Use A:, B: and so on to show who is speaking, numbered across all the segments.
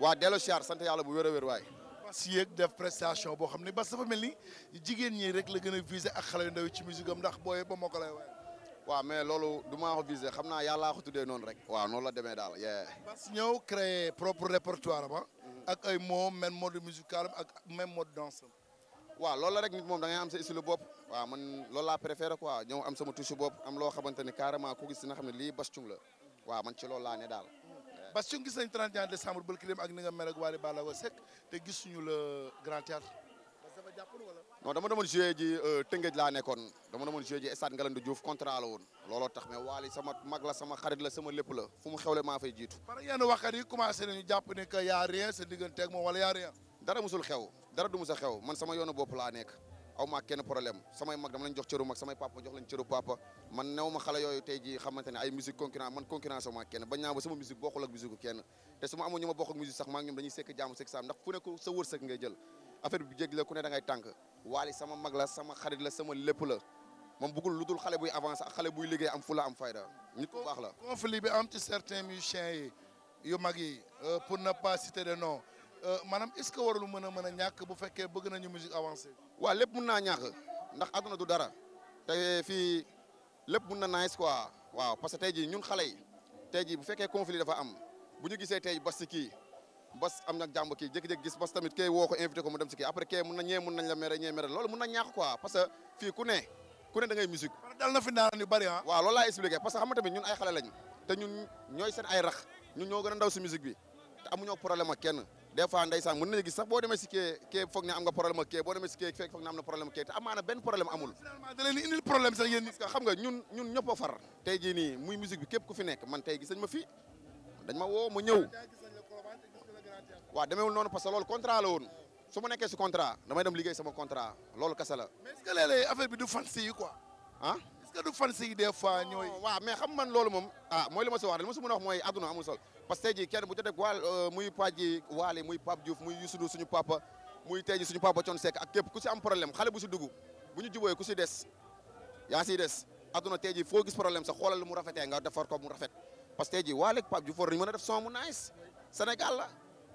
A: waa dello siyaar sant yàlla bu wér a wér waay Bass yéeg def prestation boo xam ni Bass dafa mel ni jigéen ñi rek la gën a visé ak xale yu ndaw ci musique am ndax booy ba moo ko
B: lay mais loolu du maa ko visé xam naa yàllaa ko tuddee noonu rek waa noonu la demee daal yee
A: Bass ñëw créé propre répertoire ba ah. ak ay moom même mode musical ak même mode danse
B: waa loolu rek nit moom da ngay am sa isilu bopp waa man loolu laa préféré ko ñëw am sama touche bopp am loo xamante ni carrément ku gis dina xam ne lii Bass Thioung la waaw man ci loolu laa ne daal
A: parce que gis nañ 31 décembre ba kii ak ni nga mel ak Wally Ballago te gisuñu le grand théâtre.
B: non dama demoon joué ji euh, Tëngéej laa nekkoon dama demoon joué ji stade Ngalandou Diouf contrat la woon looloo tax me Wally sama mag la sama xarit la sama lépp la fu mu xewle maa fay jiitu. par yenn waxkat yi commencé nañu
A: jàpp ne que y' a
B: rien sa digganteeg moom wala y' a dara musul xew dara du musa xew man sama yoonu bopp laa nekk. aw ma kenn problème samay mag dama lañ jox cëru mag samay papa jox lañ cëru papa man new ma xale yooyu tey ji xamante ay musique concurrence man concurrence aw ma kenn bañ naa ba sama musique bokkul ak musique kenn te su ma amoon ñu ma bokk sax maa ñoom dañuy sekk jaamu sekk saam ndax fu ne ku sa jël affaire bi jéggi la ku ne da ngay tànk waali sama mag la sama xarit la sama lépp la moom bëggul lu dul xale buy avancé xale buy liggéey am fula am fayda
A: Euh, maanaam est-ce que warul mën a mën a ñàkk bu fekkee bëgg nañu musique avancée. waaw lépp mun naa ñàkk ndax àdduna du dara te fii
B: lépp mun na nice quoi waaw parce que tey jii ñun xale yi tey jii bu fekkee conflit dafa am bu ñu gisee tey bas si kii bas am nag jàmb kii jékki-jékki gis bas tamit kay woo ko invité ko mu dem si kii après kay mun na ñee mun nañ la mere ñee mere loolu mun na ñàkk quoi parce que ku ne ku ne da ngay musique. na fi naan yu bari ah. waaw loolu laa expliqué parce que xam nga tamit ñun ay xale te ñun ñooy seen ay rax ñun ñoo gën a ndaw si musique bi amuñoo problème ak kenn des fois ndeysaan mën na gis sax boo demee si kee kee foog ne am nga problème ak kee boo demee si kee fekk foog ne am na problème ak kee te amaana benn problème amul. finalement da leen di indil problème sax yéen parce xam nga ñun ñun a far. tey jii nii muy musique bi képp ku fi nekk man tey gis nañ ma fi dañ ma woo ma ñëw waaw demeewul noonu parce que loolu contrat la woon su ma nekkee si contrat damay dem liggéey sama contrat loolu kasa la. mais affaire bi du fan si yi quoi ah? est-ce fan si des fois ñooy. waaw xam man loolu moom ah mooy li ma si wax rek li ma si mën a wax mooy àdduna amul sol parce que tey jii kenn bu jotee waal euh, muy Paa ji Waale muy Pape Diouf suñu papa muy tey jii suñu papa Thione ak képp ku si am problème xale bu si dugg bu ñu jubóoyee ku si des yaa si des àdduna te jii foo gis problème sa xoolal mu rafetee nga defar ko mu rafet parce que tey jii Waale ak Pape Diouf war nañu mën a def son mu nice Sénégal la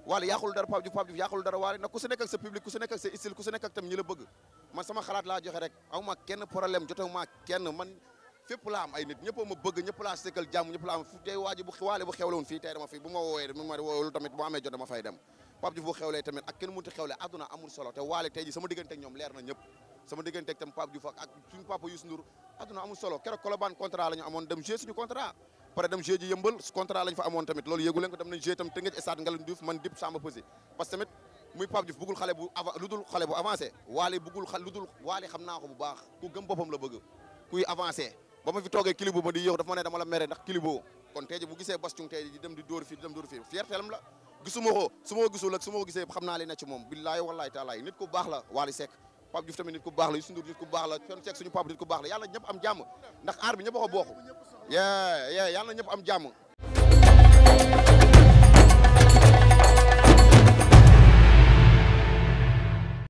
B: Wally yàqul dara Pape Diouf Pape Diouf yàqul dara Wally nag ku si sa public ku si sa style ku si nekk ak tam bëgg man sama xalaat laa joxe rek amuma kenn problème jotewuma kenn man fépp laa am ay nit ñëpp ma bëgg ñëpp laa sekkal jàmm ñëpp laa am fu tey waa ji bu Wally kenn mënti xewle àdduna amul solo te Wally tey ji sama diggante ak ñoom leer na ñëpp sama diggante ak tam Pape papa Youssou Ndour àdduna amul solo keroog Colobane contrat la ñu amoon dem jouer suñu contrat pare dem jeu ji yëmbal contrat lañ fa amoon tamit loolu yéegu leen ko dem nañ jeu tam Tëngéej stade Ngalandou Diouf man dip Samba Pesé parce que tamit muy Pape Diouf bëggul xale bu ava lu dul waale bëggul xa lu dul waale xam naa ko bu baax ku gëm boppam la bëgg kuy avancé ba ma fi toogee kilibo ma di yëw dafa ma ne dama la mere ndax kilibo kon tey ji bu gisee Bass Thioung tey di dem di dóor fii di dem dóor la gisuma ko su ma gisee xam naa li ne ci moom billaahi wallaahi taalaay nit ku baax la Waly Seck Pape Diouf tamit nit ku baax la Youssou Ndour nit baax la Thione Seck suñu papa nit ku baax la yàlla ñëpp am jàmm ndax aar bi ñëpp a ko bokk yee yee yàlla ñëpp am jàmm